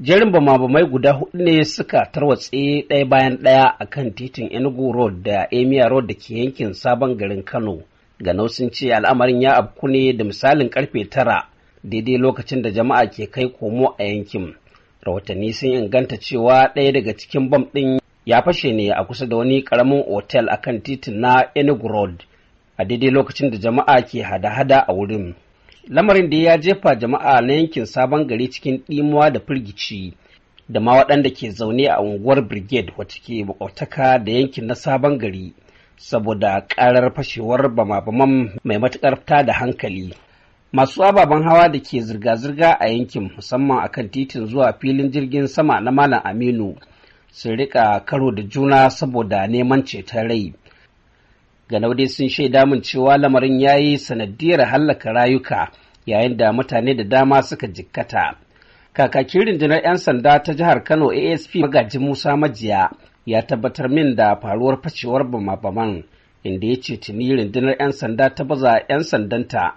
jerin bama mai guda hudu ne suka tarwatse ɗaya bayan ɗaya a kan titin enugu road da emia road da ke yankin sabon garin kano ganau sun ce al'amarin ya afku ne da misalin karfe tara daidai lokacin da jama'a ke kai komo a yankin rahotanni sun inganta cewa ɗaya daga cikin bam ɗin ya fashe ne a kusa da wani ƙaramin otel a kan titin na enugu road a daidai lokacin da jama'a ke hada-hada a wurin lamarin da ya jefa jama'a na yankin sabon gari cikin ɗimuwa da firgici da ma waɗanda ke zaune a unguwar brigade wacce ke makwabtaka da yankin na sabon gari saboda ƙarar fashewar bama-baman mai matuƙar fita da hankali masu ababen hawa da ke zirga-zirga a yankin musamman akan titin zuwa filin jirgin sama na malam aminu sun rika karo da juna saboda neman ceton rai ganau dai sun shaida min cewa lamarin ya yi sanadiyar hallaka rayuka yayin da mutane da dama suka jikkata kakakin rundunar 'yan sanda ta jihar kano asp Magajin musa majiya ya tabbatar min da faruwar fashewar bama-baman inda ya ce tuni rundunar 'yan sanda ta baza 'yan sandanta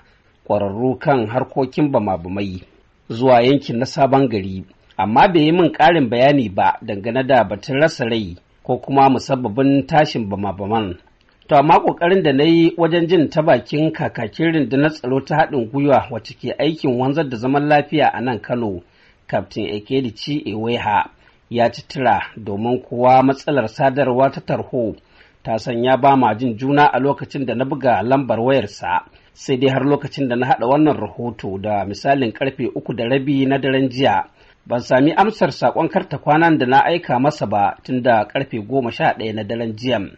ƙwararru kan harkokin bama-bamai zuwa yankin na sabon gari amma bai yi min ƙarin bayani ba dangane da batun rasa rai ko kuma musabbabin tashin bama-baman To amma ƙoƙarin da na yi wajen jin ta bakin kakakin rundunar tsaro ta haɗin gwiwa wacce ke aikin wanzar da zaman lafiya a nan Kano, Kaftin Ekedici Eweha ya ci tira domin kowa matsalar sadarwa ta tarho ta sanya ba ma jin juna a lokacin da na buga lambar wayarsa sai dai har lokacin da na haɗa wannan rahoto da misalin karfe uku da rabi na daren jiya. ban sami amsar saƙon karta kwanan da na aika masa ba tun da karfe goma sha ɗaya na daren jiya